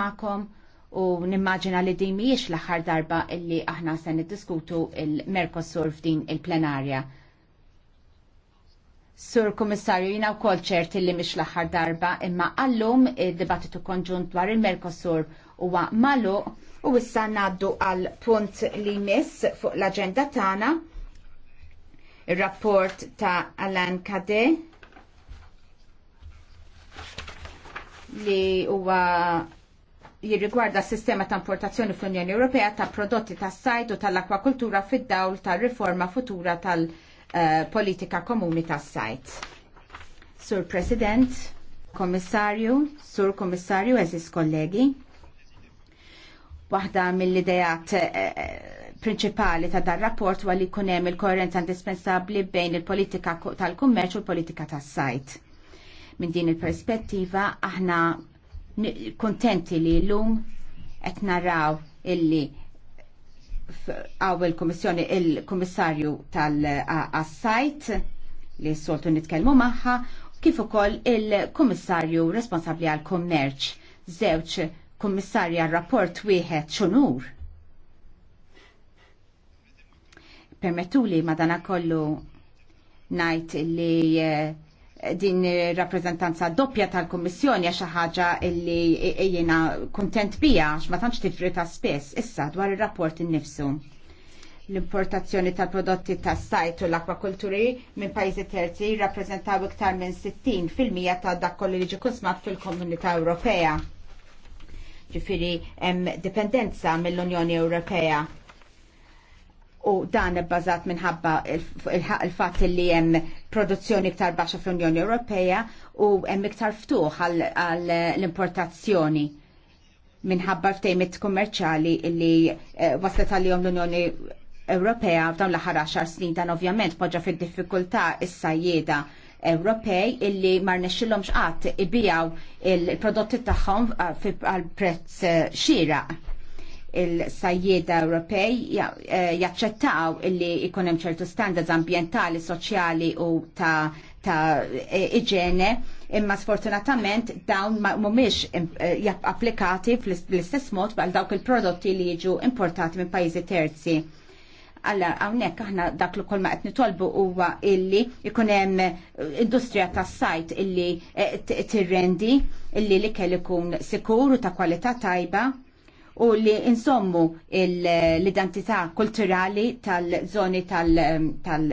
ma'kom u nimmaġina li din mhijiex l-aħħar darba illi aħna se niddiskutu il-Mercosur f'din il-plenarja. Sur Kummissarju, jina u kol ċert illi mhix l-aħħar darba, imma għallum id-dibattitu konġunt dwar il-Mercosur huwa magħluq u issa ngħaddu għal punt li miss fuq l-aġenda tagħna il-rapport ta' Alan Kade li huwa jirrigwarda s-sistema ta' importazzjoni fl-Unjoni Ewropea ta' prodotti ta' sajd u tal-akwakultura fid-dawl tal riforma futura tal-politika komuni ta' sajd. Sur President, Komissarju, Sur Komissarju, eżis kollegi, waħda mill-idejat eh, eh, prinċipali ta' dar rapport għalli kunem il-koerenza indispensabli bejn il-politika tal-kummerċ u l-politika tas-sajt. Minn din il-perspettiva aħna kontenti li l-lum qed naraw illi għaw il-Komissjoni il-Komissarju tal-Assajt li s-soltu nitkelmu maħħa kif ukoll il-Komissarju responsabli għal-Kommerċ żewġ Komissarju għal-Rapport wieħed xunur. Permettu li madana kollu najt li eh, din rappresentanza doppja tal-Kommissjoni għaxa ħaġa illi jena kontent bija għax ma tantx tifri ta' spess issa dwar ir-rapport innifsu. L-importazzjoni tal-prodotti ta' sajt u l-akwakulturi minn pajjiżi terzi rappresentaw iktar minn 60% fil-mija ta' dak li ġikusmat fil-Komunità Ewropea. ġifiri hemm dipendenza mill-Unjoni Ewropea u dan bbażat minħabba il-fatt li hemm produzzjoni iktar baxxa fl-Unjoni Ewropea u hemm iktar ftuħ għall-importazzjoni minħabba ftejmit kummerċali li eh, waslet għalihom l-Unjoni Ewropea f'dawn l-aħħar 10 snin dan ovvjament poġġa fid-diffikultà issa Jieda Ewropej illi mar nexxilhomx qatt ibijaw il-prodotti tagħhom eh, għal prezz eh, xieraq il-sajjeda Ewropej eh, jaċċettaw illi jkun hemm ċertu standards ambjentali, soċjali u ta', ta eh, iġene imma sfortunatament dawn mhumiex eh, applikati fl-istess mod għal dawk il-prodotti li jiġu importati minn pajjiżi terzi. Alla hawnhekk aħna dak li kolma qed nitolbu huwa illi jkun hemm industrija tas-sajt illi tirrendi illi li kell ikun sikur u ta' kwalità tajba u li insommu l-identità kulturali tal-żoni tal, tal,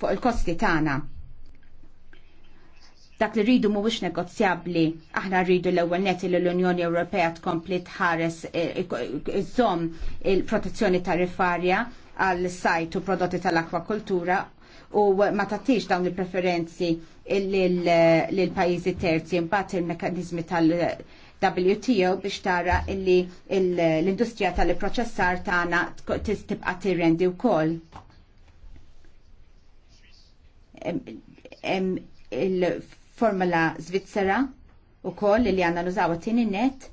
fuq il-kosti tagħna dak li rridu mhuwiex negozjabbli, aħna rridu l-ewwel neti l unjoni Ewropea tkompli tħares iżżomm il-protezzjoni tariffarja għal sajt u prodotti tal-akwakultura u ma tattix dawn il-preferenzi lil pajjiżi terzi mbagħad il-mekkaniżmi tal- WTO biex tara illi l-industrija tal-proċessar tagħna tibqa' tirrendi wkoll il-formula Svizzera u koll li għanna nużawa tini net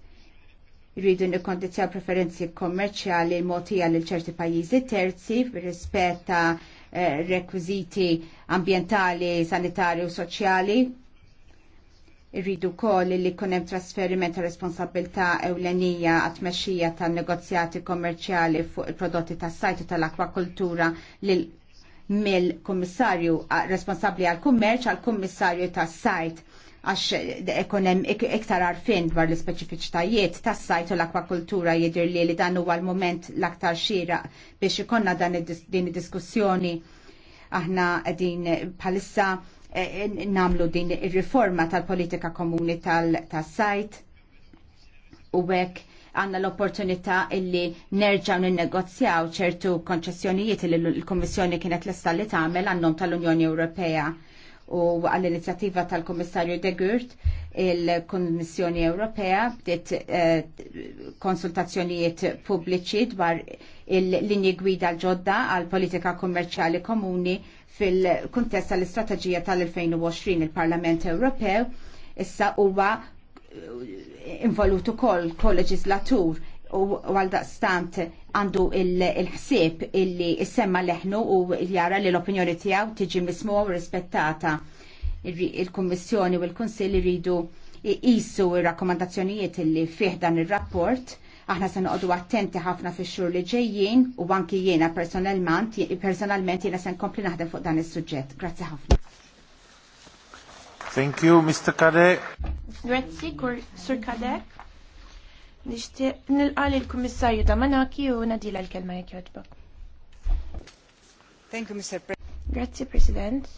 rridu nikondizjaw preferenzi kommerċjali motija l ċerti pajjiżi terzi rispetta eh, rekwiziti ambientali, sanitari u soċjali Irridu kol li kunem trasferiment ta' responsabilta ewlenija għat ta' negozjati kommerċjali fuq il-prodotti ta' sajtu tal-akwakultura mill-kommissarju responsabli għal-kummerċ għal-kommissarju ta' sajt għax ekonem iktar arfin dwar l-speċifiċtajiet tas u l-akwakultura jidir li li dan huwa l-moment l-aktar xira biex ikonna dan din id-diskussjoni aħna din palissa Eh, namlu din ir-riforma tal-politika komuni tal-sajt u għek għanna l-opportunità illi nerġaw ninnegozjaw ċertu konċessjonijiet illi l-Kommissjoni kienet l-esta li tagħmel għannom tal-Unjoni Ewropea u għall-inizjattiva tal-Kommissarju De Gurt il-Kommissjoni Ewropea bdiet eh, konsultazzjonijiet pubbliċi dwar il-linji gwida l-ġodda għal politika kommerċjali komuni fil-kuntest tal-istrateġija tal-2020 il-Parlament Ewropew issa huwa eh, involutu kol kol-leġislatur u għaldaqstant għandu il-ħsieb illi semma leħnu u jara li l-opinjoni tijaw tiġi mismu u rispettata il-Kommissjoni u l-Konsil jridu jqisu il-rakkomandazzjonijiet illi fih dan il-rapport Aħna se noqogħdu attenti ħafna fix-xhur li ġejjin u anki jiena personalment personalment jiena se nkompli naħdem fuq dan is-suġġett. Grazzi ħafna. Thank you, Mr. Kadek. Grazzi, Sir Kadek. Nishtiq nilqal il-Kummissarju Damanaki u nadila l-kelma jekk jogħġbok. Thank you, Mr. President. Grazzi President.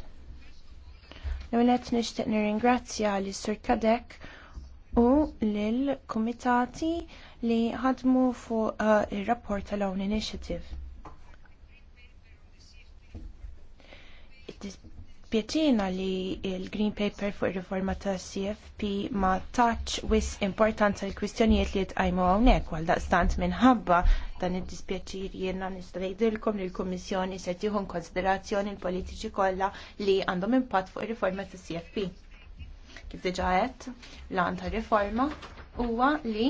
l nishtiq nir-ingrazzja li Sur Kadek u lill-kumitati li ħadmu fuq uh, ir-rapport tal-Own Initiative. Pietina li il-Green Paper fuq ir-riforma ta' CFP ma taċ wis importanza l-kwistjonijiet li jitqajmu hawnhekk għal daqstant minħabba dan id-dispjaċir jiena nista' ngħidilkom li l-Kummissjoni se tieħu konsiderazzjoni l-politiċi kollha li għandhom impatt fuq ir-riforma ta' CFP. Kif diġa għedt, l-għan ta' riforma huwa li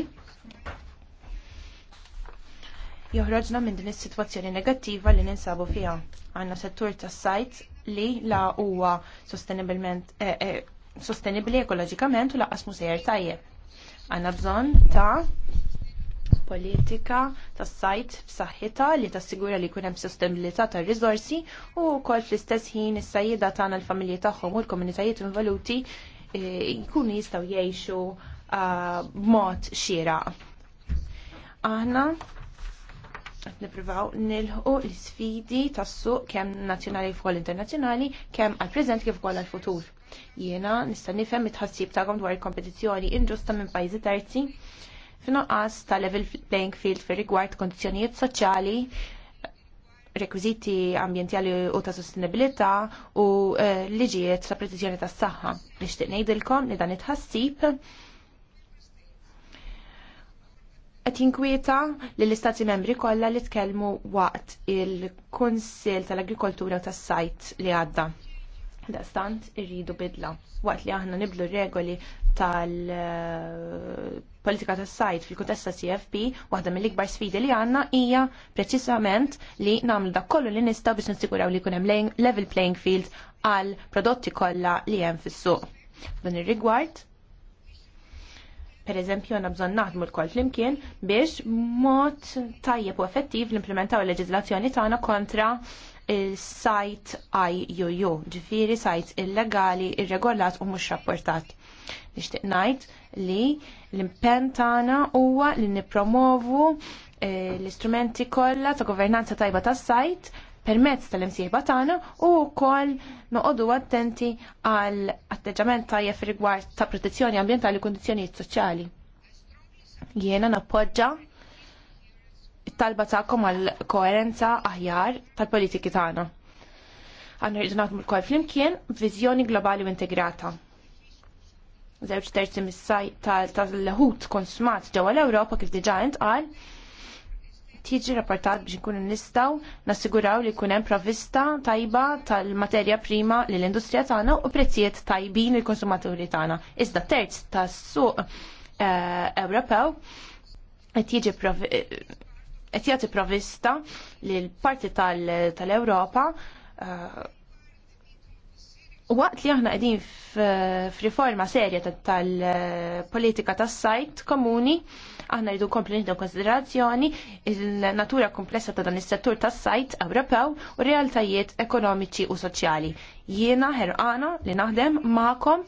joħroġna minn din is-sitwazzjoni negattiva li ninsabu fiha. Għandna settur tas-sajt li la huwa sostenibilment eh, eh, sostenibli ekoloġikament u laqqas musejjer tajjeb. Għandna bżonn ta' politika tas sajt b'saħħitha li tassigura li jkun hemm sostenibilità tar risorsi u wkoll fl-istess ħin is-sajjieda tagħna l-familji tagħhom u l-komunitajiet involuti jkunu eh, jistaw jiexu ah, mod xira. Aħna qed nippruvaw nilħu l-sfidi tas-suq kemm nazzjonali fuq internazzjonali, kemm għall-preżent kif ukoll għall-futur. Jiena nista' nifhem it-ħassib tagħkom dwar il-kompetizzjoni inġusta minn pajjiżi terzi f'nuqqas ta' level playing field fir rigward kondizzjonijiet soċjali rekwiziti ambientali u ta' sostenibilità u eh, liġijiet ta' protezzjoni tas saħħa Nixtieq ngħidilkom li dan it-ħassib qed jinkwieta li l-istati membri kollha li tkellmu waqt il-Kunsill tal-Agrikoltura tas-Sajt li għadda. Daqstant irridu bidla. Waqt li aħna niblu regoli tal politika tas sajt fil kutessa CFP, waħda mill-ikbar sfidi li għanna hija preċisament li namlu dak kollu li nista' biex nsikuraw li kunem level playing field għal prodotti kollha li hemm fis-suq. F'dan ir-rigward, per eżempju għanna bżon naħdmu l-kol flimkien biex mod tajjeb u effettiv l-implementaw l-leġizlazzjoni tagħna kontra il-sajt IUU, ġifiri sajt illegali, irregolat u mhux rapportat. Nixtieq ngħid li l-impenn tagħna huwa li nippromovu eh, l-istrumenti kollha ta' governanza tajba tas-sajt permezz tal-imsieħba tagħna u wkoll noqogħdu attenti għal atteġġament tajjeb rigward ta' protezzjoni ambjentali u kundizzjonijiet soċjali. Jiena nappoġġa it-talba tagħkom għal koerenza aħjar tal-politiki tagħna. Għanna rridu nagħmlu l-kol flimkien b'viżjoni globali u integrata żewġ terzi mis-saj tal-ħut konsumat ġewwa l-Ewropa kif diġà intqal, tiġi rapportat biex nkunu nistgħu nassiguraw li jkun hemm provvista tajba tal-materja prima lill industrija tagħna u prezzijiet tajbin lill konsumaturi tagħna. Iżda terz tas-suq eh, Ewropew qed jiġi eh, qed jagħti provvista lil parti tal-Ewropa eh, Waqt li aħna qegħdin f'riforma serja tal-politika tas-sajt komuni, aħna rridu kompli nieħdu konsiderazzjoni il-natura komplessa ta' dan is-settur tas-sajt Ewropew u realtajiet ekonomiċi u soċjali. Jiena ħerqana li naħdem magħkom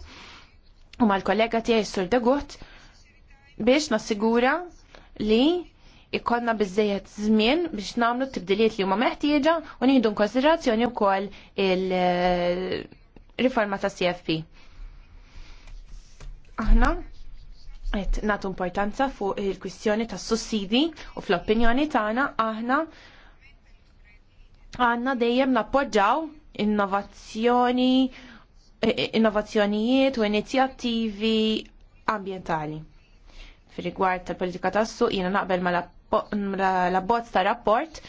u mal-kollega tiegħi Sur Degut biex nassigura li ikollna bizzejet żmien biex nagħmlu t-tibdiliet li huma meħtieġa u nieħdu konsiderazzjoni wkoll il- riforma ta' CFP. Aħna qed nagħtu importanza fuq il-kwistjoni tas sussidi u fl-opinjoni tagħna aħna għandna dejjem nappoġġaw innovazzjoni innovazzjonijiet u inizjattivi ambjentali. Fi rigward tal-politika tas-suq jiena naqbel ma l-abbozz ta' rapport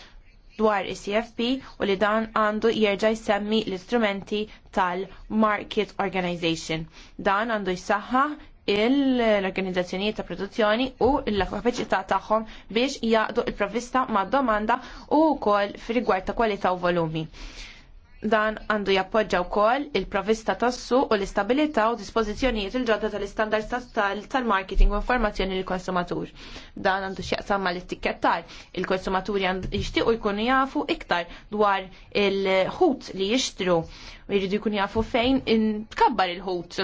dwar is-CFP u li dan għandu jerġa' jsemmi l-istrumenti tal-Market Organization. Dan għandu jsaħħaħ l-organizzazzjonijiet ta' produzzjoni u l-kapaċità tagħhom biex jaqdu il-provvista mad domanda u wkoll fil rigward ta' kwalità u volumi. Dan għandu jappoġġa wkoll il-provista tassu u l-istabilità u dispożizzjonijiet il-ġodda tal-istandards tal-marketing u informazzjoni lill konsumatur Dan għandu x'jaqsam l ittikettar Il-konsumaturi jixtiequ jkunu jafu iktar dwar il-ħut li jixtru. Jridu jkunu jafu fejn in-tkabbar il-ħut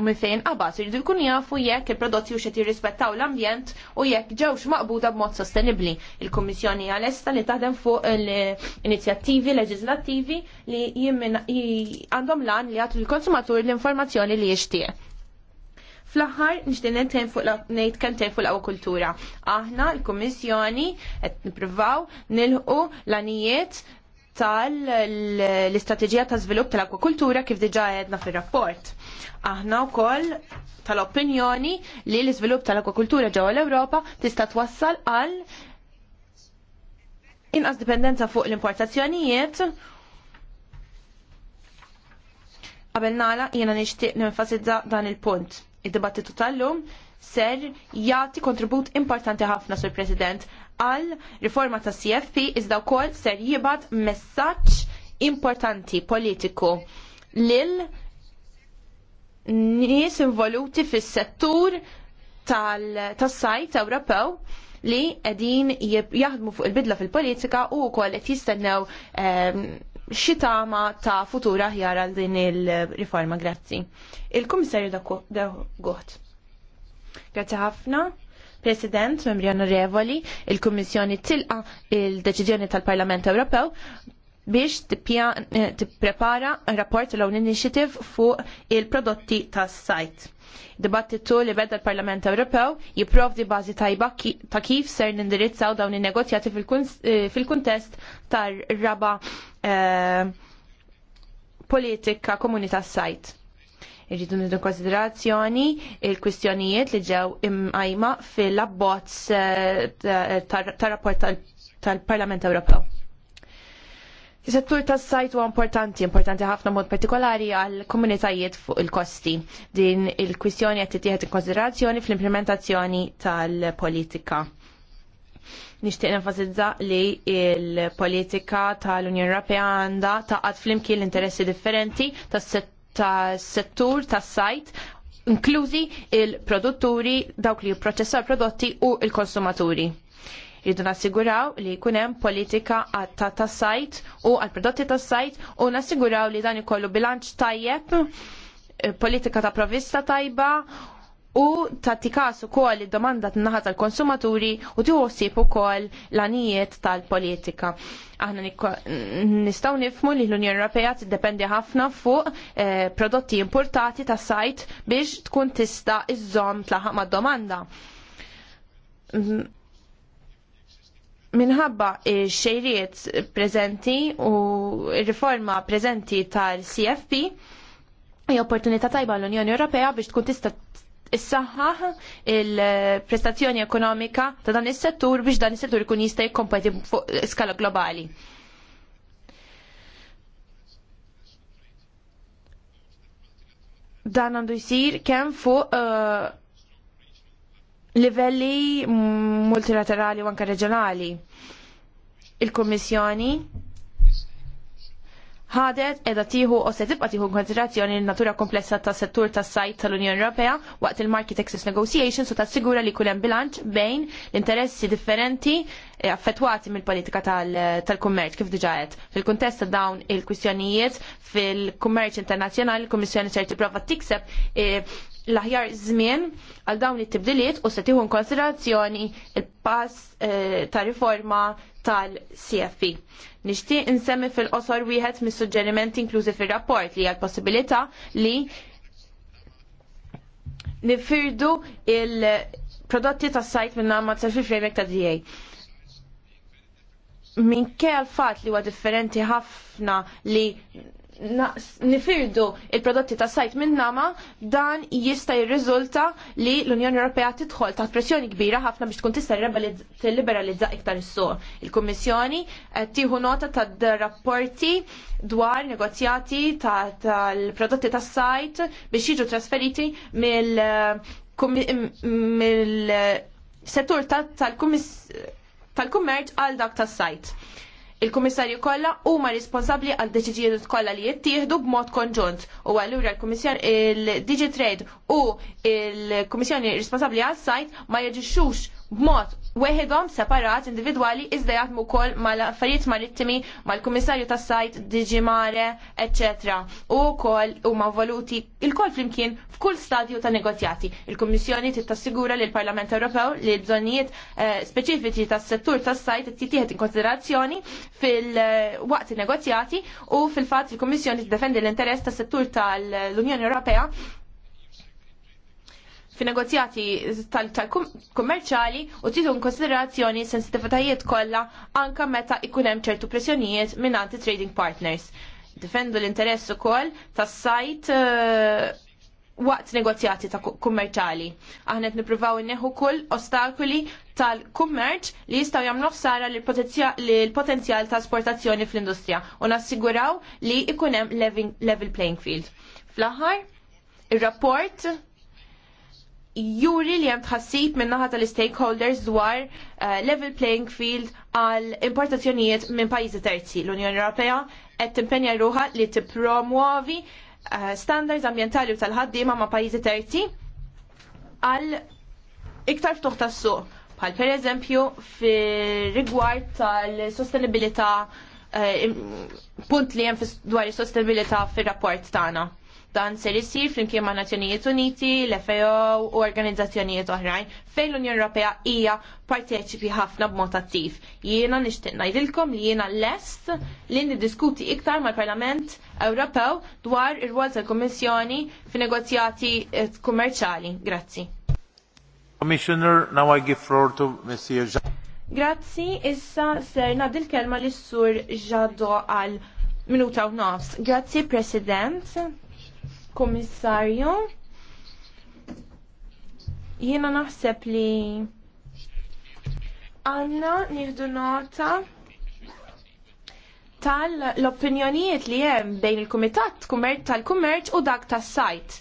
u minn fejn qabad irridu jkun jafu jekk il-prodotti u xed jirrispettaw l-ambjent u jekk ġewx maqbuda b'mod sostenibbli. Il-Kummissjoni għalesta li taħdem fuq l-inizjattivi leġislattivi li għandhom lan li għatu l-konsumatur l-informazzjoni li jixtieq. Fl-aħħar nixtieq nintejn fuq ngħid kemm fuq l-akwakultura. Aħna l-Kummissjoni qed nippruvaw nilħu l-anijiet tal-istrateġija ta' żvilupp tal-akwakultura kif diġà għedna fir-rapport Aħna wkoll tal-opinjoni li l izvilup tal-akwakultura ġewwa l-Ewropa tista' twassal għal inqas dipendenza fuq l-importazzjonijiet Qabel nala jiena nixtieq nenfasizza dan il-punt. Id-dibattitu tal-lum ser jagħti kontribut importanti ħafna sur President għal riforma ta' CFP iżda wkoll ser jibgħat messaġġ importanti politiku lil nies involuti fis-settur tas-sajt Ewropew li qegħdin jaħdmu fuq il-bidla fil-politika u wkoll qed jistennew ehm, xi tama ta' futura aħjar għal din il-riforma grazzi. Il-Kummissarju da Goħt. Grazzi ħafna. President, membri onorevoli, il-Kummissjoni tilqa il-deċiżjoni tal-Parlament Ewropew biex eh, tipprepara rapport l initiative fuq il-prodotti tas sajt Dibattitu li beda l-Parlament Ewropew jiprovdi bażi tajba ta' kif ser nindirizzaw dawn in-negozjati eh, fil-kuntest tar-raba eh, politika komuni tas sajt Irridu nidu konsiderazzjoni il-kwistjonijiet li ġew imqajma fil-abbozz tar-rapport tal-Parlament Ewropew. Is-settur tas-sajt huwa importanti, importanti ħafna mod partikolari għal komunitajiet fuq il-kosti. Din il-kwistjoni qed tittieħed in konsiderazzjoni fl-implementazzjoni tal-politika. Nixtieq nenfasizza li il-politika tal-Unjoni Ewropea għandha taqgħod flimkien l-interessi differenti tas-settur tas-sajt inklużi il-produtturi, dawk li jipproċessaw prodotti u il-konsumaturi Jridu nassiguraw li jkun hemm politika ta' tas-sajt u għall prodotti tas-sajt u nassiguraw li dan ikollu bilanċ tajjeb, eh, politika ta' provvista tajba u tagħti każ ukoll id-domanda t-naħa tal-konsumaturi u u ukoll l-anijiet tal-politika. Aħna nistgħu nifmu li l-Unjoni Ewropea tiddependi ħafna fuq eh, prodotti importati tas sajt biex tkun tista' iż-żom tlaħaq mad-domanda minħabba xejriet prezenti u riforma prezenti tal-CFP hija opportunità tajba l-Unjoni Ewropea biex tkun tista' issaħħaħ il-prestazzjoni ekonomika ta' dan is-settur biex dan is-settur ikun jista' jikkompeti fuq skala globali. Dan għandu jsir kemm fuq uh, livelli multilaterali u anke reġjonali. Il-Kummissjoni ħadet edha tieħu u se tibqa' tieħu konsiderazzjoni l-natura komplessa tas settur tas-sajt tal-Unjoni Ewropea waqt il-Market Access Negotiations u tassigura li jkun hemm bilanċ bejn l-interessi differenti eh, affettwati mill-politika tal-kummerċ kif diġà qed. Fil-kuntest ta' dawn il-kwistjonijiet fil-kummerċ internazzjonali, il-Kummissjoni ċerti tipprova tikseb eh, l-aħjar żmien għal dawn it-tibdiliet u se tieħu konsiderazzjoni il-pass eh, ta' riforma tal-CFP. Nixtieq insemmi fil-qosor wieħed mis-suġġerimenti inklużi fir-rapport li għal possibilità li nifirdu il-prodotti tas-sajt minn ma ta' fil-framework ta' DA minn kell fat li huwa differenti ħafna li nifirdu il-prodotti ta' sajt minn nama dan jista' jirriżulta li l-Unjoni Ewropea tidħol ta' pressjoni kbira ħafna biex tkun tista' tilliberalizza iktar is-suq. Il-Kummissjoni qed tieħu nota ta' rapporti dwar negozjati tal-prodotti ta' sajt biex jiġu trasferiti mill mill settur tal-kummerċ għal dak tas-sajt. Il-Kummissarju kollha huma responsabbli għal deċiżjonijiet kollha li jittieħdu b'mod konġunt u allura l-Kummissjon il-Digitrade u il-Kummissjoni responsabbli għas-sajt ma jeġixxux b'mod weħidhom separat individwali iżda jaħdmu wkoll mal-affarijiet marittimi mal-Kummissarju tas-Sajt Diġi Mare, etc. U wkoll huma voluti il-kol flimkien f'kull stadju ta' negozjati. Il-Kummissjoni trid tassigura li l-Parlament Ewropew li bżonnijiet eh, speċifiċi tas-settur tas-sajt tittieħed in konsiderazzjoni fil-waqt negozjati u fil-fatt il-Kummissjoni tiddefendi l-interess tas-settur tal-Unjoni Ewropea fi negozjati tal-kummerċali u titu konsiderazzjoni sensitivitajiet kollha anka meta ikun hemm ċertu pressjonijiet minn trading partners. Difendu l-interess ukoll tas-sajt eh, waqt negozjati ta' kummerċali. Aħna qed nippruvaw inneħu kull ostakoli tal-kummerċ li jistgħu jagħmlu ħsara l-potenzjal ta' esportazzjoni fl-industrija u nassiguraw li jkun hemm level playing field. Fl-aħħar, ir-rapport juri li hemm tħassib min-naħa tal-stakeholders dwar eh, level playing field għal importazzjonijiet minn pajjiżi terzi. L-Unjoni Ewropea qed timpenja ruħa li tippromuovi eh, standards ambjentali u tal-ħaddiema ma' pajjiżi terzi għal iktar ftuħ tas-suq. Bħal pereżempju fir-rigward tal-sostenibilità eh, punt li hemm dwar is-sostenibilità fir-rapport tagħna Dan ser isir flimkien ma' Nazzjonijiet Uniti, l-FAO u organizzazzjonijiet oħrajn fejn l-Unjoni Ewropea hija parteċipi ħafna b'mod attiv. Jiena nixtieq ngħidilkom li jiena lest li niddiskuti iktar mal-Parlament Ewropew dwar ir-rwol tal-Kummissjoni fin-negozjati eh, kummerċali. Grazzi. Commissioner, now I give floor to Mr. Jean. Grazzi, issa ser nabdi l-kelma li sur ġaddo għal minuta u nofs. Grazzi, President. Komissarju, jiena naħseb li għanna nieħdu nota tal-opinjonijiet li hemm bejn il-Kumitat tal-Kummerċ u dak tas-sajt.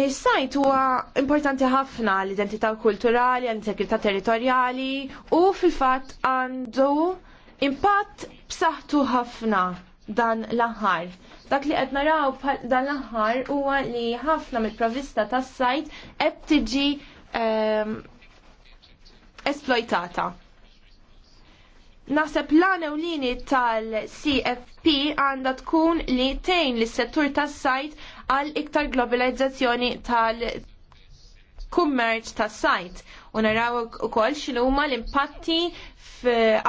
Is-sajt huwa importanti ħafna l-identità kulturali, għall-integrità territorjali u fil-fatt għandu impatt b'saħħtu ħafna dan l-aħħar Dak li qed naraw dan l-aħħar huwa li ħafna mill-provista tas-sajt qed tiġi ehm, esploitata. Naħseb l ewlieni tal-CFP għandha tkun li tejn lis settur tas-sajt għal iktar globalizzazzjoni tal- kummerċ ta' sajt u naraw ukoll koll huma l-impatti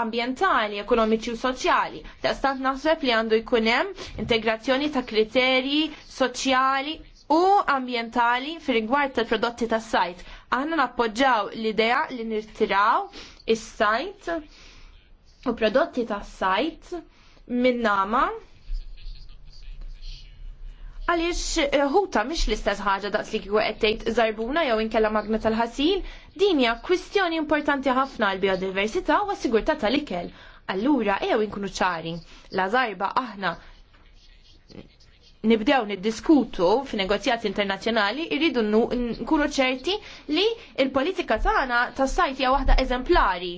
ambjentali, ekonomiċi u soċjali. Ta' stant naħseb li għandu jkun hemm integrazzjoni ta' kriterji soċjali u ambjentali fir rigward tal-prodotti tas sajt. Aħna nappoġġaw l-idea li nirtiraw is-sajt u prodotti tas sajt minn nama għaliex eh, ħuta mhix l-istess ħaġa daqs li kieku għettejt zarbuna żarbuna jew inkella magna tal-ħasil, din hija kwistjoni importanti ħafna għal biodiversità u s-sigurtà tal-ikel. Allura ew inkunu ċari, la zarba aħna nibdew niddiskutu negozjati internazzjonali irridu nkunu ċerti li l politika tagħna tas-sajt hija waħda eżemplari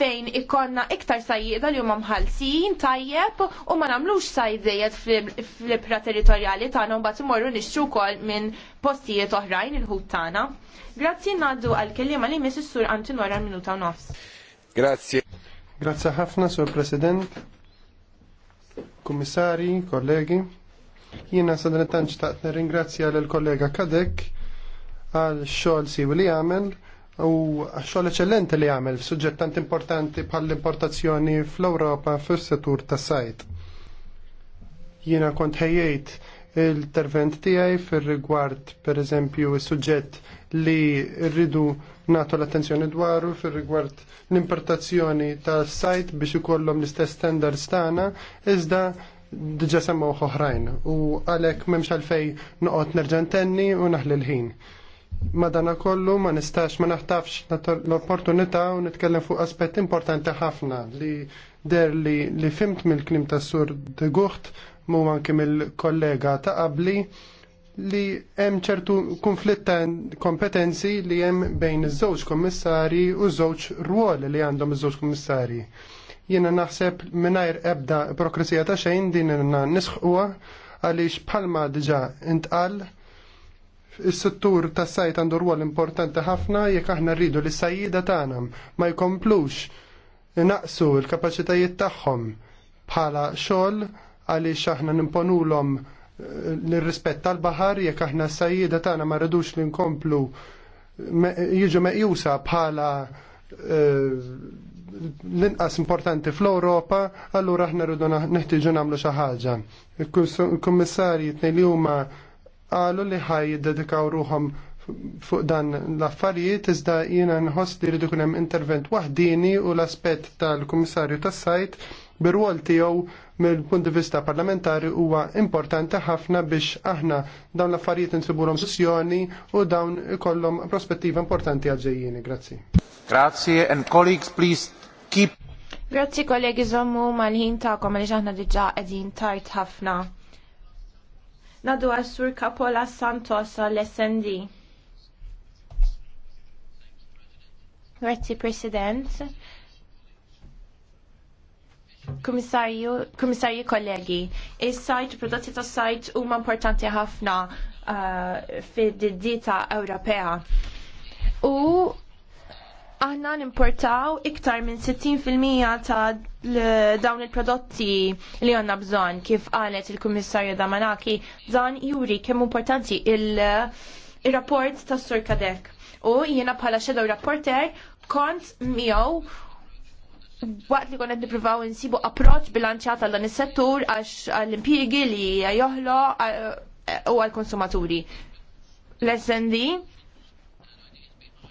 fejn ikonna iktar sajjieda li huma mħallsin tajjeb u ma nagħmlux sajdejjed fl-ibra territorjali tagħna mbagħad imorru nixtru wkoll minn postijiet oħrajn il-ħut tagħna. Grazzi ngħaddu għal kelliema li Mrs. Sur Antin wara minuta nofs. Grazzi. Grazzi ħafna, Sur President, Kummissari, kollegi. Jiena sadrettanċ taqt nirringrazzja l-kollega Kadek għal xogħol siwi li għamel u xogħol eċellenti li jagħmel f'suġġett tant importanti bħal importazzjoni fl-Ewropa fis-settur tas-sajt. Jiena kont ħejjejt il-tervent tiegħi fir-rigward pereżempju is-suġġett li rridu nagħtu l-attenzjoni dwaru fir-rigward l-importazzjoni tas-sajt biex ikollhom l-istess standards tagħna iżda diġa semmaw oħrajn u għalhekk m'hemmx għalfejn noqgħod nerġa' ntenni u naħli l-ħin madana kollu ma nistax ma naħtafx l-opportunità u nitkellem fuq aspett importanti ħafna li der li, li fimt mill-klim ta' sur de Gucht mu anke mill-kollega ta' qabli li hemm ċertu konflitt ta' kompetenzi li hemm bejn iż-żewġ kommissari u żewġ ruoli li għandhom iż-żewġ kommissari. Jiena naħseb mingħajr ebda prokrasija ta' xejn din nisħquha għaliex bħalma diġà intqal Is-settur tas sajt għandu rwol importanti ħafna jekk aħna rridu li sajjida tagħna ma jkomplux naqsu l-kapaċitajiet tagħhom bħala xogħol għaliex aħna nimponulhom eh, l-rispett tal-baħar jekk aħna s-sajjida tagħna ma rridux li nkomplu jiġu meqjusa bħala eh, l-inqas importanti fl-Europa, allura aħna rridu neħtieġu nagħmlu xi ħaġa. Il-kummissarji tnejn li huma qalu li ħaj jiddedikaw ruhom fuq dan l-affarijiet iżda jiena nħoss li rridu hemm intervent waħdini u l-aspett tal-Kummissarju tas-Sajt bir-rwol tiegħu mill-punt di vista parlamentari huwa importanti ħafna biex aħna dawn l-affarijiet insibulhom sessjoni u dawn ikollhom prospettiva importanti għal Grazzi. Grazie and colleagues please keep Grazzi kollegi żommu mal-ħin tagħkom għaliex aħna diġà qegħdin tajt ħafna. Nadu għas Kapola Santos l snd Grazie President. Komissarju kollegi, is-sajt, prodotti ta' sajt huma importanti ħafna uh, fid-dita Ewropea. U aħna nimportaw iktar minn 60% ta' dawn il-prodotti li għanna bżon kif qalet il-Kummissarju Damanaki dan juri kemm importanti il-rapport ta' Sur Kadek. U jiena bħala xedaw rapporter kont miegħu waqt li konet nipruvaw insibu approċ bilanċata għal dan is-settur għax għall-impjiegi li joħlo u għall-konsumaturi. L-SND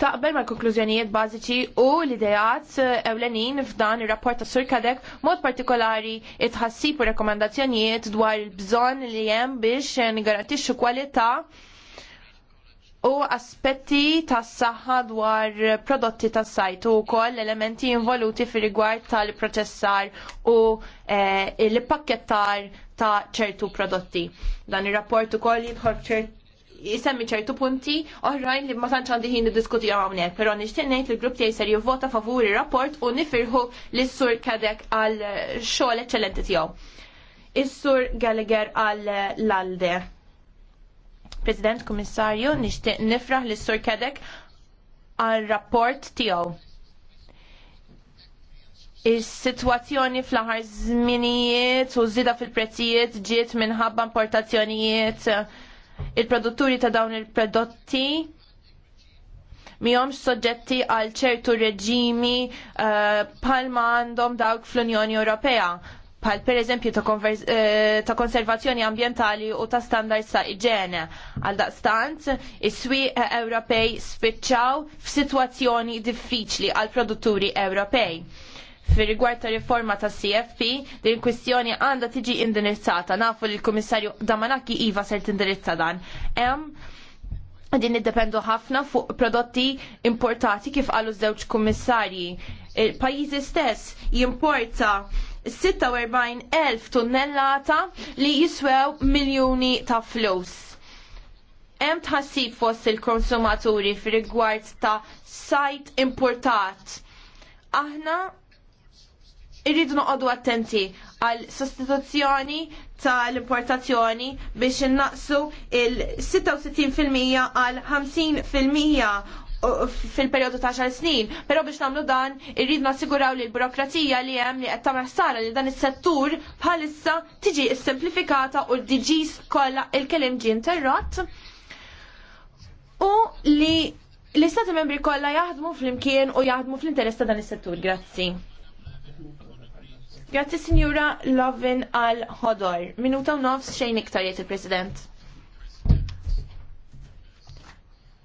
taqbel mal konklużjonijiet bażiċi u l-idejat ewlenin f'dan ir-rapport ta' surkadek Kadek mod partikolari itħassib u rekomendazzjonijiet dwar il-bżonn li hemm biex nigarantixxu kwalità u aspetti tas saħħa dwar prodotti tas sajt u koll elementi involuti fir rigward tal-proċessar u eh, l-pakkettar ta' ċertu prodotti. Dan ir-rapport ukoll jidħol ċertu jisemmi ċertu punti oħrajn li ma tantx għandi ħin diskuti hawnhekk, però nixtieq ngħid li l-grupp tiegħi ser jivvota favur ir-rapport u nifirħu lis sur Kadek għal xogħol eċċellenti tiegħu. Is-sur Gallagher għal l-Alde. President Kummissarju, nixtieq nifraħ lis sur Kadek għal rapport tiegħu. Is-sitwazzjoni fl-aħħar żminijiet u żida fil-prezzijiet ġiet minħabba importazzjonijiet il-produtturi ta' dawn il-prodotti miħomx soġġetti għal ċertu reġimi uh, eh, palma għandhom dawk fl-Unjoni Ewropea pal per eżempju ta', eh, ta konservazzjoni ambientali u ta' standards ta' iġene. Għal daqstant, is-swi Ewropej spiċċaw f'sitwazzjoni diffiċli għal produtturi Ewropej fir rigward ta' riforma ta' CFP din kwistjoni għandha tiġi indirizzata. Nafu li l-Kummissarju Damanaki iva ser tindirizza dan. Hemm din iddependu ħafna fuq prodotti importati kif qalu żewġ kummissarji. Il-pajjiżi stess jimporta 46,000 tunnellata li jiswew miljuni ta' flus hemm tħassib fost il-konsumaturi fir-rigward ta' sajt importat. Aħna irridu noqogħdu attenti għal sostituzzjoni tal-importazzjoni biex innaqsu il-66% għal 50% fil-periodu ta' xar snin, pero biex namlu dan irrid nassiguraw li l-burokrazija li hemm li qed tagħmel li dan is-settur bħalissa tiġi simplifikata u diġis kollha il-kelim ġie interrott u li l-istati membri kollha jaħdmu fl-imkien u jaħdmu fl-interess ta' dan is-settur. Grazzi. Grazzi Sinjura Lovin al-Hodor. Minuta u nofs xejn iktar jiet il-President.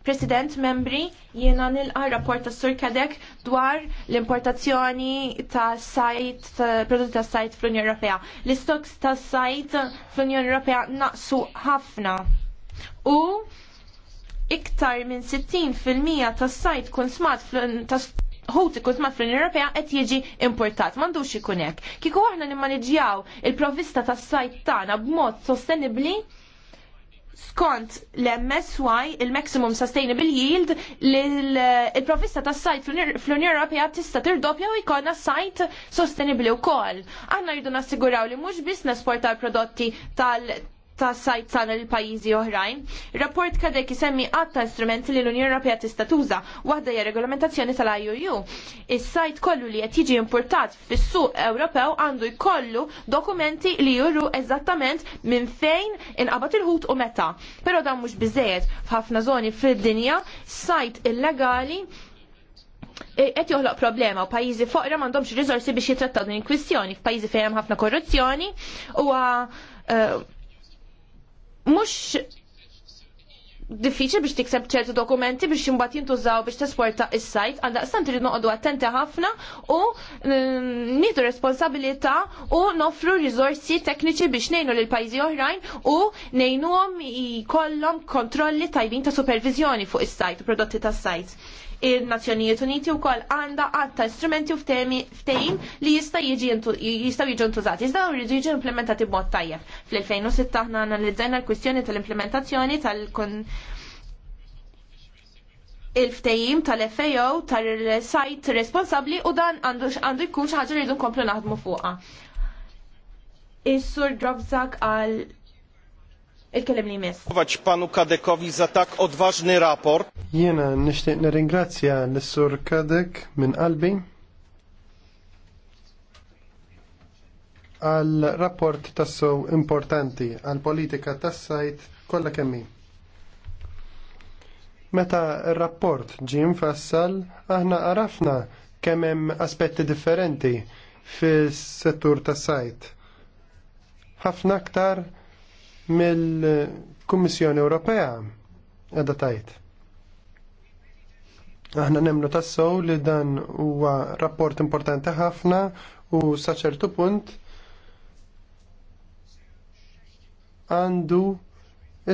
President membri jiena nilqa rapport ta' Sur Kadek dwar l-importazzjoni ta' sajt, prodotti ta' sajt fl-Unjoni Ewropea. L-istoks ta' sajt fl-Unjoni Ewropea naqsu ħafna. U iktar minn 60% tas sajt kun smat ta' ħut ikun ma' fl-Unjoni Ewropea qed jiġi importat, m'għandux ikun hekk. Kieku aħna nimmaniġjaw il-provvista tas-sajt tagħna b'mod sostenibbli, skont l-MSY, il-Maximum Sustainable Yield, il-provvista tas sajt fl-Unjoni Ewropea tista' tirdoppja u jkollna sajt sostenibbli wkoll. Aħna rridu nassiguraw li mhux biss nesportaw prodotti tal ta' sajt sana l pajjiżi oħrajn. Rapport kadek jisemmi għatta strumenti li l-Unjoni Ewropea tista' tuża waħda hija regolamentazzjoni tal-IUU. Is-sajt kollu li qed jiġi importat fis-suq Ewropew għandu jkollu dokumenti li juru eżattament minn fejn inqabad il-ħut u meta. Però dan mhux biżejjed f'ħafna żoni fid-dinja sajt illegali qed joħloq problema u pajjiżi foqra m'għandhomx rizorsi biex jitrattaw din il-kwistjoni f'pajjiżi fejn hemm ħafna korruzzjoni u mhux diffiċli biex tikseb ċertu dokumenti biex imbagħad jintużaw biex tesporta is-sajt għal daqstant irid noqogħdu attenti ħafna u mm, nieħdu responsabilità u nofru riżorsi tekniċi biex ngħinu lil pajjiżi oħrajn u ngħinuhom jkollhom kontrolli tajbin ta' supervizjoni fuq is-sajt u prodotti tas-sajt il-Nazzjonijiet Uniti u koll għanda għatta strumenti u ftejn li jista jistaw jiġu ntużati. Iżda rridu jiġu implementati b'mod tajjeb. Fl-2006 aħna analizzajna l-kwistjoni tal-implementazzjoni tal-kon il-ftejim tal-FAO tal-sajt responsabli u dan għandu jkun xaħġa rridu komplu naħdmu fuqa. Is-sur Drobzak għal il nixtieq li mis. Għavaċ panu Kadekowi za tak odważny raport. Jena nishtiq nirringrazzja l-sur Kadek minn qalbi għal rapport tassu importanti għal politika tas-sajt kollha kemmi. Meta r-rapport ġie mfassal, aħna arafna kemm hemm aspetti differenti fis-settur tas-sajt. Ħafna aktar mill-Kummissjoni Ewropea għadda tajt. Aħna nemlu tassow li dan huwa rapport importanti ħafna u saċertu punt għandu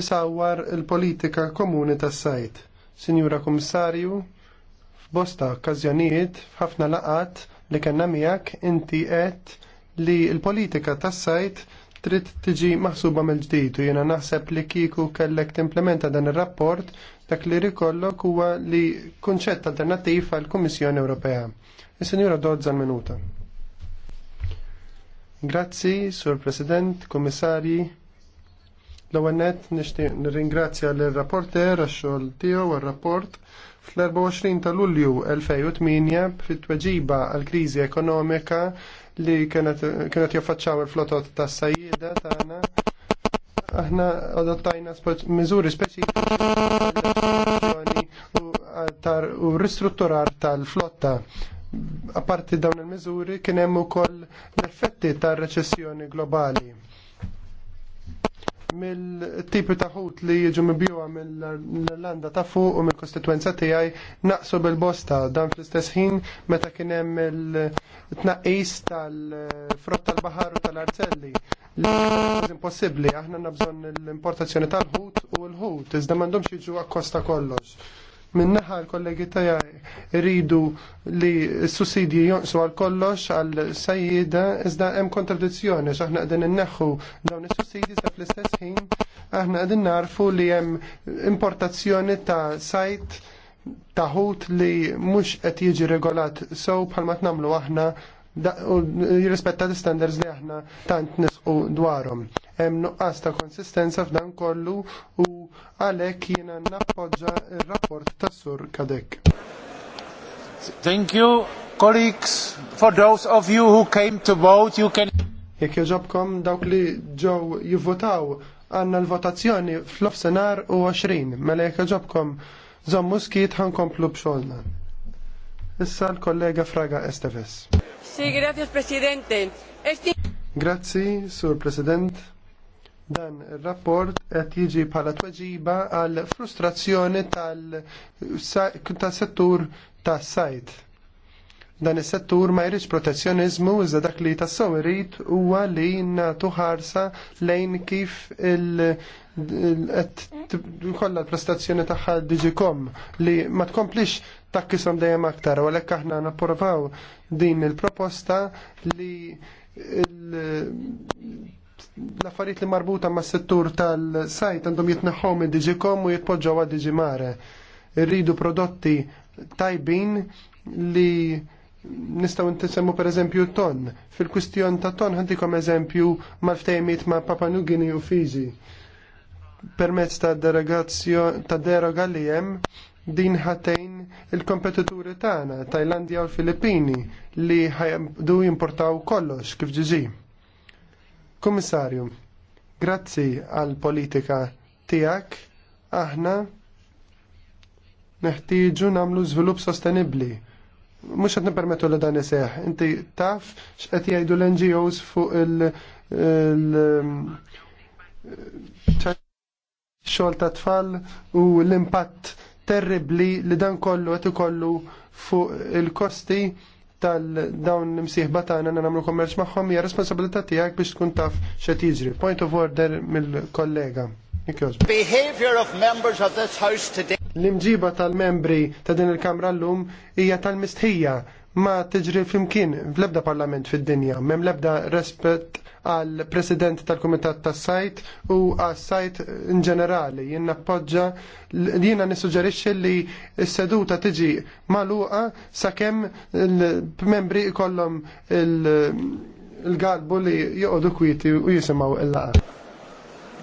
isawwar il-politika komuni tas-sajt. Sinjura Kummissarju, f'bosta okkażjonijiet f'ħafna laqat li kellna miegħek inti qed li l-politika tas-sajt trid tiġi maħsuba mill-ġdid u jiena naħseb li kieku kellek timplementa dan ir-rapport dak li rikollok huwa li kunċett alternattiv għall kummissjoni Ewropea. Is-Sinjura Dodza minuta. Grazzi, Sur President, Kummissarji. L-ewwel nett nixtieq nirringrazzja lir-rapporter għax-xogħol tiegħu għar-rapport fl-24 ta' Lulju 2008 fit-tweġiba għall kriżi ekonomika li kienet jaffaċċaw il-flotot tas sajjida tagħna. Aħna adottajna miżuri speċi u ristrutturar tal-flotta. Apparti dawn il-miżuri kien hemm ukoll l-effetti tar-reċessjoni globali mill-tipi ta' ħut li jiġu mibjuwa mill-Irlanda ta' fuq u mill-kostituenza tiegħi naqsu bil-bosta dan fl-istess ħin meta kien hemm il-tnaqqis tal-frott tal-baħar u tal-arzelli. Impossibbli, aħna nabżon l-importazzjoni tal-ħut u l-ħut, iżda m'għandhomx jiġu akkosta kollox. Min-naħa l-kollegi tajaj rridu li s-sussidji jonqsu għal kollox għal sajjida iżda hemm kontradizzjoni x'aħna qegħdin inneħħu dawn is-sussidji sa fl-istess ħin aħna qegħdin narfu li hemm importazzjoni ta' sajt taħut li mhux qed jiġi regolat sew bħalma tnamlu aħna jirrispetta l-standards li aħna tant nisqu dwarhom. Hemm nuqqas ta' konsistenza f'dan kollu u għalhekk jiena nappoġġa r-rapport tas-sur Kadek. Thank you, colleagues. For those of you who came to vote, you can. Jekk joġobkom dawk li ġew jivvotaw għandna l-votazzjoni fl-offsenar u 20, mela jekk joġobkom żommu skit ħankomplu b'xogħolna. Issa l-kollega Fraga Esteves. Si, grazie Presidente. Esti... Grazzi, Sur President. Dan il-rapport qed jiġi bħala tweġiba għal frustrazzjoni tal-settur tas-sajt. Dan is-settur ma jridx protezzjoniżmu iżda dak li tassew irid huwa li natu ħarsa lejn kif il- qed l-prestazzjoni tagħha Digicom li ma tkomplix takkishom dejjem aktar u għalhekk aħna napprovaw din il-proposta li l-affarijiet li marbuta mas settur tal-sajt għandhom jitneħħu id Digicom u jitpoġġaw għal Digimare. Irridu prodotti tajbin li nistaw ntisemmu per eżempju ton. Fil-kustjon ta' ton ħantikom eżempju mal-ftejmiet ma' Papa u Fiji permezz ta' ta' deroga li hemm din ħatejn il-kompetituri tagħna, Tajlandja u l-Filippini, li ħajdu jimportaw kollox kif ġiġi. Kummissarju, grazzi għal politika tiegħek aħna neħtieġu nagħmlu żvilupp sostenibbli. Mhux qed nippermettu li dan iseħħ. Inti taf x'qed jgħidu l-NGOs fuq il-, il xogħol ta' tfal u l-impatt terribli li dan kollu qed ikollu fuq il-kosti tal-dawn l-imsieħba tagħna nagħmlu kommerċ magħhom hija responsabilità tiegħek biex tkun taf x'qed jiġri. Point of order mill-kollega. Behavior of members of this house today. L-imġiba tal-membri ta' din il-Kamra llum hija tal-mistħija ma tiġri flimkien fl-ebda parlament fid-dinja, mem l-ebda rispett għal president tal-Kumitat tas-Sajt u għas sajt in ġenerali. Jien nappoġġa jiena nisuġġerixxi li s-seduta tiġi magħluqa sakemm il-membri jkollhom il-galbu li joqogħdu kwieti u jisimgħu il-laqa.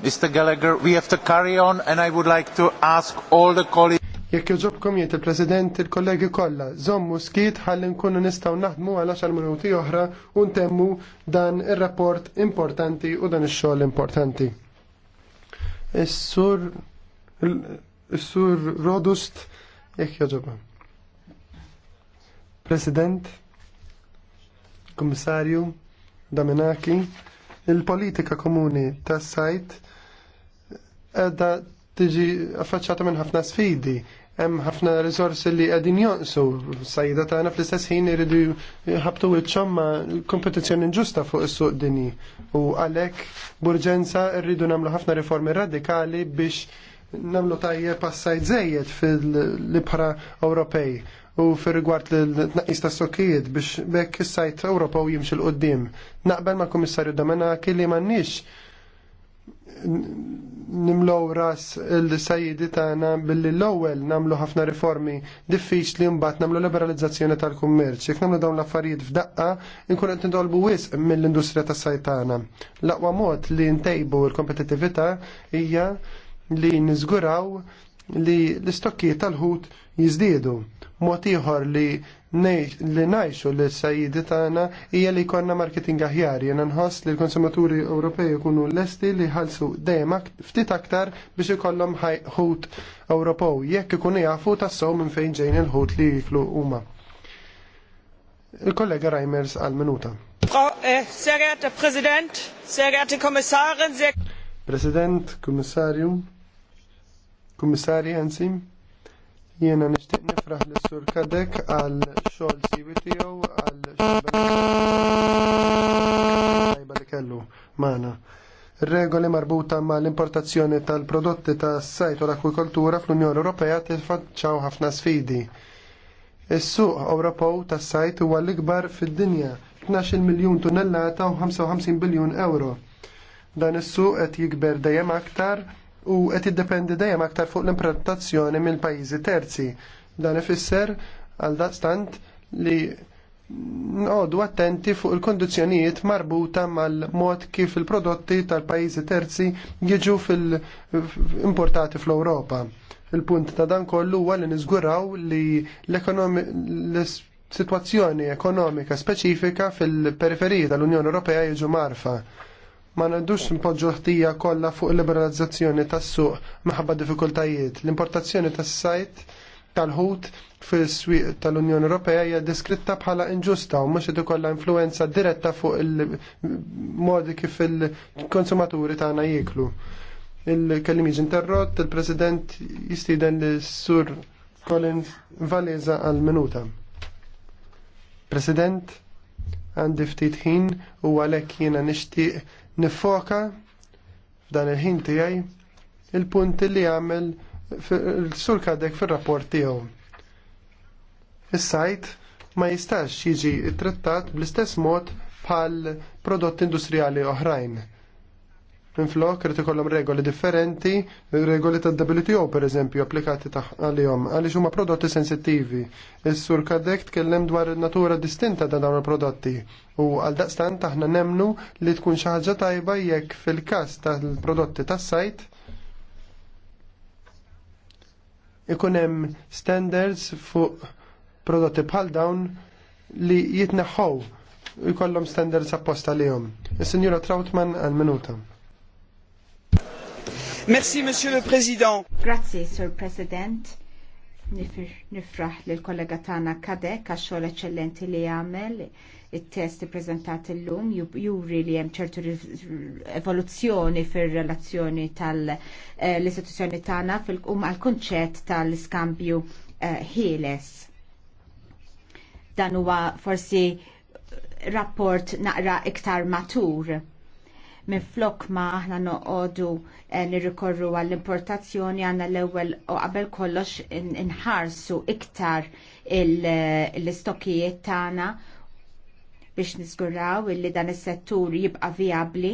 Mr. Gallagher, we have to carry on and I would like to ask all the colleagues Jekk joġobkom jiet il-President il-kollegi kollha, żommu skit ħalli nkunu nistgħu naħdmu għal 10 minuti oħra u ntemmu dan ir-rapport importanti u dan ix-xogħol importanti. Is-sur is-sur Rodust jekk joġobha. President, Kummissarju, Daminaki, il-politika komuni tas-sajt edha tiġi affaċċata minn ħafna sfidi. Hemm ħafna risorsi li qegħdin jonqsu sajda tagħna fl-istess ħin iridu jħabtu wiċċhom ma' kompetizzjoni ġusta fuq is-suq U għalhekk burġenza rridu nagħmlu ħafna riformi radikali biex nagħmlu tajjeb passajt żejjed fil-libħra Ewropej u fir rigward l-tnaqqis ta' sokkijiet biex bekk is-sajt Ewropew jimxi l qudiem Naqbel ma' Kummissarju Domenaki li m'għandniex nimlow ras il-sajjidi tagħna billi l-ewwel nagħmlu ħafna riformi diffiċli mbagħad nagħmlu liberalizzazzjoni tal-kummerċ. Jekk nagħmlu dawn l-affarijiet f'daqqa, inkun qed nidolbu wisq mill-industrija tas-sajt tagħna. L-aqwa mod li ntejbu l-kompetittività hija li niżguraw li l-istokkijiet tal-ħut jiżdiedu. Mod ieħor li li najxu li s-sajidi tagħna hija li jkollna marketing aħjar. Jena nħoss li l-konsumaturi Ewropej l-esti li ħalsu dejjem ftit aktar biex ikollhom ħut Ewropew jekk ikunu jafu tassew minn fejn ġejn il-ħut li jiklu huma. Il-kollega Reimers għal minuta. Eh, sehr Kommissarin, President, Kommissarju, Kommissari, anzi, Jiena nixtieq nifraħ lis sur Kadek għal xogħol siwi tiegħu għal tajba li kellu magħna. Regoli marbuta mal importazzjoni tal-prodotti tas sajt u l-akwikoltura fl-Unjoni Ewropea tiffaċċaw ħafna sfidi. Is-suq Ewropew tas-sajt huwa l-ikbar fid-dinja, 12 miljun tunnellata u 55 biljun euro. Dan is-suq qed jikber dejjem aktar u qed iddependi dejjem aktar fuq l importazzjoni mill-pajjiżi terzi. Dan ifisser għal stant li noqogħdu attenti fuq il-kondizzjonijiet marbuta mal-mod kif il-prodotti tal-pajjiżi terzi jiġu fil-importati fl-Ewropa. Il-punt ta' dan kollu huwa li niżguraw li l sitwazzjoni situazzjoni ekonomika speċifika fil-periferiji tal-Unjoni Ewropea jiġu marfa. Ma nadux nipoġġu ħtija kollha fuq liberalizzazzjoni tas-suq maħabba diffikultajiet. L-importazzjoni tas-sajt tal-ħut fis-swieq tal-Unjoni Ewropea hija deskritta bħala inġusta u mhux qed ikollha influenza diretta fuq il-modi kif il-konsumaturi tagħna jieklu. Il-kellim jiġi interrott, il-President jistiden lis-Sur Colin Valeza għal-minuta. President, għandi ftit ħin u għalhekk jiena nixtieq nifoka f'dan il-ħin tiegħi il-punti li għamel sur kadek fil-rapport tiegħu. Is-sajt ma jistax jiġi trattat bl-istess mod bħal prodotti industrijali oħrajn. Minflok irid ikollhom regoli differenti, regoli tad WTO pereżempju applikati għalihom għaliex huma prodotti sensittivi. Is-sur Kadek tkellem dwar natura distinta ta' dawn il-prodotti u għal daqstant aħna nemnu li tkun xi ħaġa tajba jekk fil-każ tal-prodotti tas-sajt ikun hemm standards fuq prodotti bħal dawn li jitneħħow ikollhom standards apposta lihom. Is-Sinjura Trautman għal minuta. Merci, Monsieur le Président. Grazie, Sir President. Nifraħ li l-kollega tana Kadek għaxxol eccellenti li għamel il-test prezentat il-lum juri li hemm ċertu evoluzzjoni fir-relazzjoni tal-istituzzjoni eh, tagħna fil-qum għal-kunċett tal-iskambju eh, ħieles. Dan huwa forsi rapport naqra iktar matur minn flok ma aħna noqogħdu eh, nirrikorru għall-importazzjoni għanna l-ewwel u qabel kollox inħarsu iktar l istokijiet tagħna biex nizguraw illi dan is-settur jibqa' vijabbli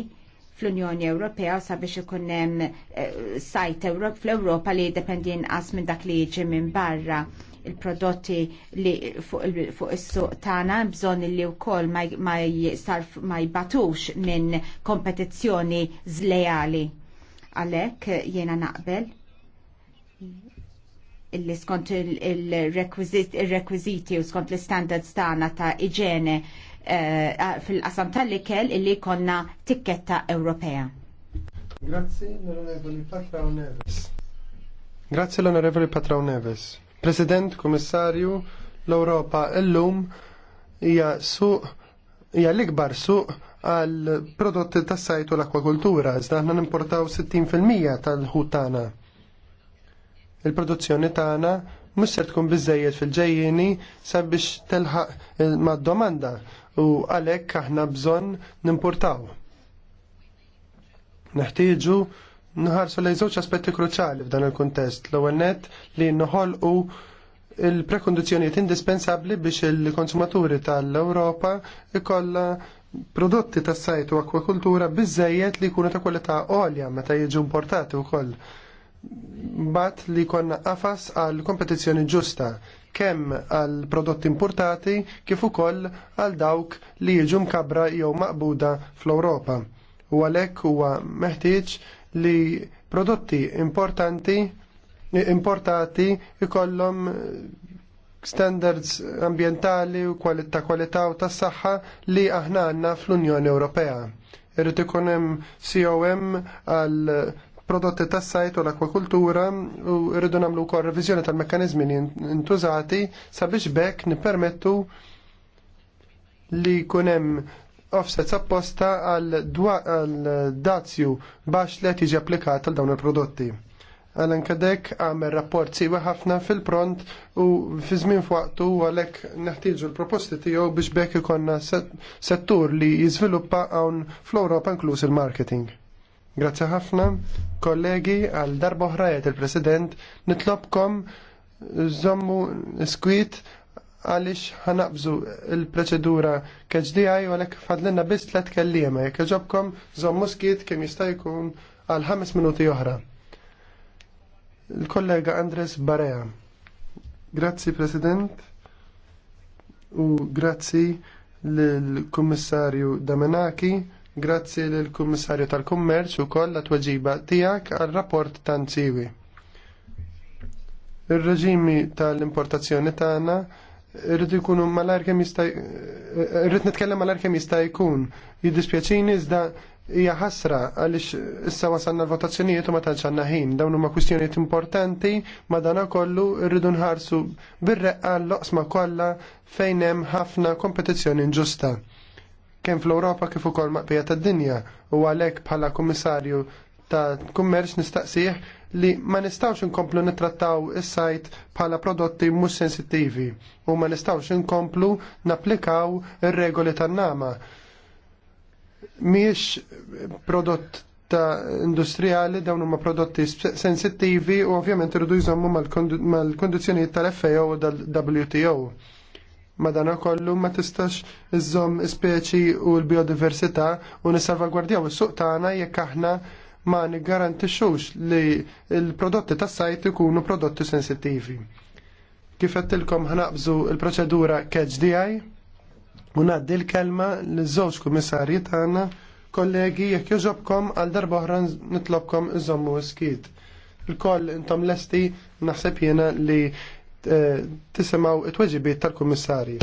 fl-Unjoni Ewropea sabiex ikun hemm eh, sajt fl-Ewropa li jiddependi inqas minn dak li jiġi minn barra il-prodotti li fuq is-suq tagħna bżonn li wkoll ma jbatux minn kompetizzjoni zlejali. Għalhekk jiena naqbel illi skont il rekwiżiti u skont l-standards tagħna ta' iġene eh, fil-qasam tal-ikel illi konna tikketta Ewropea. Grazzi l-Onorevoli Patraw Neves. Grazzi l-Onorevoli Patraw Neves. President, Komissarju, l-Europa illum hija suq hija l-ikbar suq għal prodotti tas sajtu l-akwakultura, iżda aħna nimportaw 60% tal-ħut tagħna. Il-produzzjoni tagħna mhux se tkun biżejjed fil-ġejjieni sabiex telħaq mad-domanda u għalhekk aħna bżonn nimpurtaw. Neħtieġu nħarsu lejn żewġ aspetti kruċali f'dan il-kuntest. L-ewwel nett li u il-prekondizzjonijiet indispensabbli biex il-konsumaturi tal-Ewropa ikollha prodotti tas sajt u akwakultura biżejjed li jkunu ta' kwalità għolja meta jiġu importati wkoll. Bat li konna qafas għal kompetizzjoni ġusta kemm għal prodotti importati kif ukoll għal dawk li jiġu mkabra jew maqbuda fl-Ewropa. U għalhekk huwa meħtieġ li prodotti importanti importati ikollhom standards ambientali u ta' kwalità u tas saħħa li aħna għandna fl-Unjoni Ewropea. Irrid ikun hemm COM għal prodotti tas sajt u l-akwakultura u rridu nagħmlu wkoll reviżjoni tal-mekkaniżmi li intużati sabiex bekk nippermettu li jkun hemm offset apposta għal dazju baxx li tiġi applikat għal dawn il-prodotti. Alan Kadek għamel rapport siwa ħafna fil-pront u fi żmien f'waqtu u għalhekk neħtieġu l-proposti tiegħu biex bekk ikonna settur li jiżviluppa hawn fl-Ewropa inkluż il-marketing. Grazzi ħafna, kollegi, għal darba oħrajet il-President, nitlobkom żommu skwit għaliex ħanabżu il-proċedura keġdijaj u għalek fadlinna biss tlet kellima, jek ġobkom zom muskiet kem jista' jkun għal ħames minuti oħra. Il-kollega Andres Barea. Grazzi President u grazzi l-Kummissarju Damenaki, grazzi l-Kummissarju tal-Kummerċ u koll tweġiba tijak għal-rapport tanziwi. Il-reġimi tal-importazzjoni tagħna rridu jkunu mal kem jista' eh, rrid nitkellem mal kem jista' jkun. Jiddispjaċini iżda hija ħasra għaliex issa wasalna l-votazzjonijiet u ma tantx ħin. Dawn huma kwistjonijiet importanti madanakollu rridu nħarsu bir-reqqa l-oqsma kollha fejn hemm ħafna kompetizzjoni inġusta kemm fl-Ewropa kif ukoll maqbija tad-dinja u għalhekk bħala kummissarju ta' kummerċ nistaqsih li ma nistawx inkomplu nitrattaw is-sajt bħala prodotti mhux sensittivi u ma nistawx inkomplu napplikaw ir-regoli tan-nama. Miex prodott ta' industrijali dawn huma prodotti sensittivi u ovvjament irridu jżommu mal-kondizzjonijiet tal-FAO u tal-WTO. Madana kollu ma tistax iżomm speċi u l-biodiversità u nissalvagwardjaw is-suq tagħna jekk aħna ma niggarantixux li l-prodotti tas-sajt ikunu prodotti sensittivi. Kif għattilkom ħnaqbżu l proċedura catch DI u ngħaddi l-kelma l-żewġ kummissarji tagħna kollegi jekk jogħġobkom għal darba oħra nitlobkom iżommu skid. Il-koll intom lesti naħseb jiena li eh, tisimaw it-weġibiet tal-kummissarji.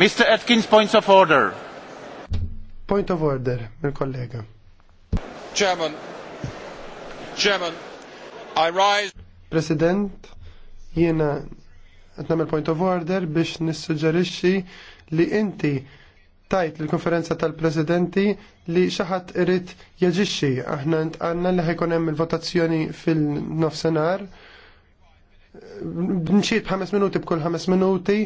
Mr. Atkins, points of order. Point of order, mill-kollega. Chairman, Chairman, I rise. President, jiena qed nagħmel point of order biex nissuġġerixxi li inti tajt l-konferenza tal-presidenti li xaħat irrit jaġixxi. Aħna għanna li ħajkun hemm il-votazzjoni fil-nofsenar. Nxiet b'ħames minuti b'kull ħames minuti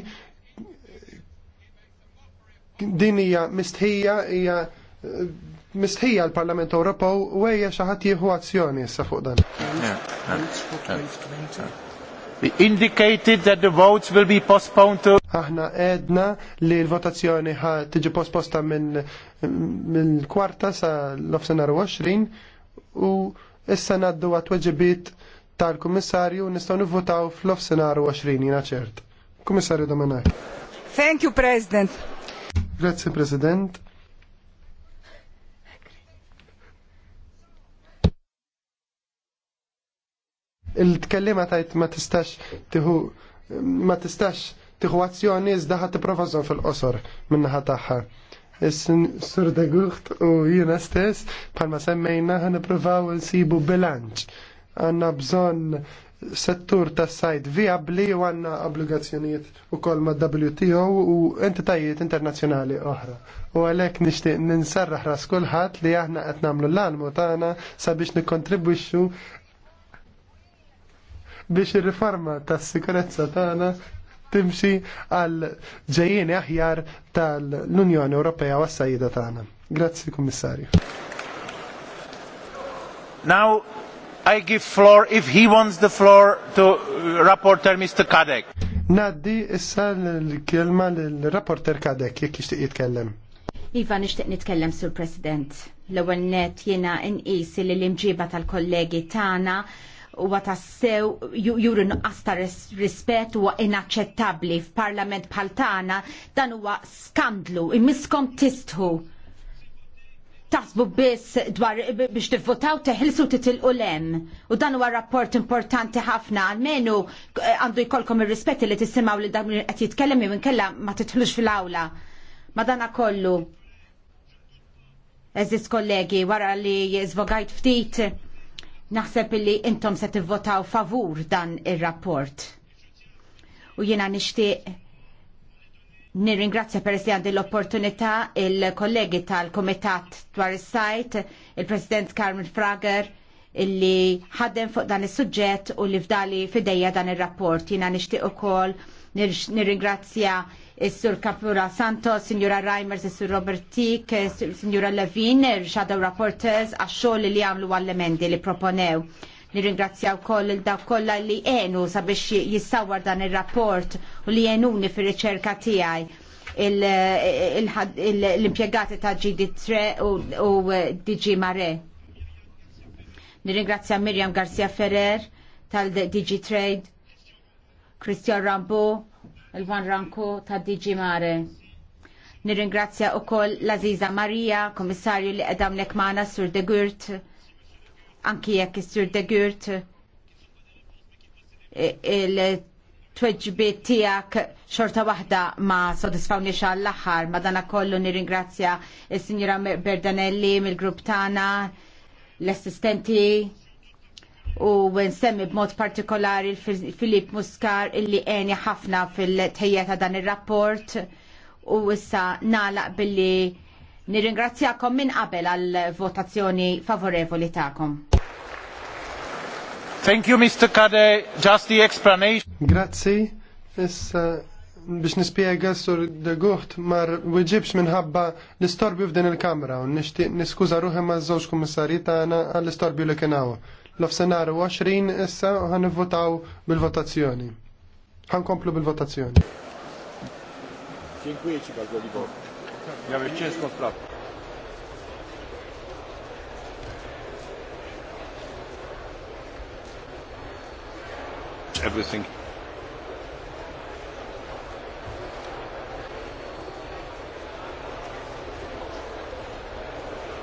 din hija mistħija hija eh, mistħija l-Parlament Ewropew u hija xi ħadd jieħu azzjoni issa fuq dan. Indicated that the votes will be postponed to Aħna edna li l-votazzjoni ħa tiġi posposta minn mill kwarta sa l-ofsenar 20 u issa naddu għat weġibit tal-Kummissarju nistgħu nivvotaw fl-ofsenar 20 jiena ċert. Kummissarju Domenaj. Thank you, President. Grazie President. Il-tkellima tajt ma tistax tiħu ma tistax tiħu azzjoni iżda ħat tipprovażhom fil-qosor minnaħa tagħha. Is-sur de Gucht u jina stess palma semmejna ħan n-provaw n-sibu bilanċ. Għanna bżon settur tas sajd viabli u għanna obbligazzjonijiet u kol ma WTO u entitajiet internazjonali oħra. U għalek nishtiq ninsarraħ ras kullħat li aħna qed nagħmlu l anmu tagħna sabiex nikkontribwixxu biex ir-riforma tas-sikurezza tagħna timxi għal ġejjieni aħjar tal-Unjoni Ewropea u s-sajjida tagħna. Grazzi, Kummissarju. Now, I give floor, if he wants the floor, to Rapporteur Mr. Kadek. Naddi issa l-kelma l-rapporter Kadek, jek jishtiq jitkellem. Iva, nixtieq nitkellem, Sur President. l ewwel net jiena inqis li l-imġiba tal-kollegi tagħna huwa tassew juru nuqqas ta' rispett huwa inaċċettabbli f'parlament bħal tagħna. dan huwa skandlu, imiskom tistħu taħsbu biss dwar biex tivvotaw teħilsu titilqu lem. U dan huwa rapport importanti ħafna għalmenu eh, għandu jkollkom ir-rispetti li tisimgħu li dan qed jitkellem jew inkella ma titħlux fil-awla. dana kollu. Eżis kollegi, wara li żvogajt ftit, naħseb li intom se tivvotaw favur dan ir-rapport. U jiena nixtieq Nirringrazzja per għandi l-opportunità il-kollegi tal-Komitat dwar is-sajt, il-President Carmen Frager, illi ħaddem fuq dan is-suġġett u li fdali fidejja dan ir-rapport. Jina nixtieq ukoll nirringrazzja is-Sur Kapura Santos, Sinjura Reimers, is-Sur Robert Tick, Sinjura Levin, Shadow Rapporteurs, għax-xogħol li għamlu għall-emendi li proponew Nirringrazzja koll il-daw kollha li għenu sabiex jissawar dan ir-rapport u li għenuni fir-riċerka tiegħi l-impiegati ta' GD3 u eh, DG Mare. Nirringrazzja Miriam Garcia Ferrer tal-DG Trade, Christian Rambo, il-Van Ranko tal-DG Mare. Nirringrazzja u koll l-Aziza Marija, komissarju li għedam nekmana sur de Gurt, anki jekk is degurt de il-tweġbiet tiegħek xorta waħda ma sodisfawni għall aħħar ma dana kollu nirringrazzja il-Sinjura Berdanelli mill-grupp tagħna, l-assistenti u nsemmi b'mod partikolari Filip Muskar illi għeni ħafna fil-tejja ta' dan ir rapport u issa nalaq billi Nirringrazzjakom minn qabel għal votazzjoni favorevoli tagħkom. Thank you, Mr. Kade. Just the explanation. Grazzi. Issa biex nispiega sur de guħt mar wieġibx minħabba l-istorbju f'din il-kamra u nixtieq niskuża ruħi ma' żewġ kummissarji tagħna għall-istorbju li kien hawn. l ofsenaru 20 issa ħanivvotaw bil-votazzjoni. Ħankomplu bil-votazzjoni. Dziękuję Ci bardzo, Libor. Miałeś ciężką sprawę. Everything.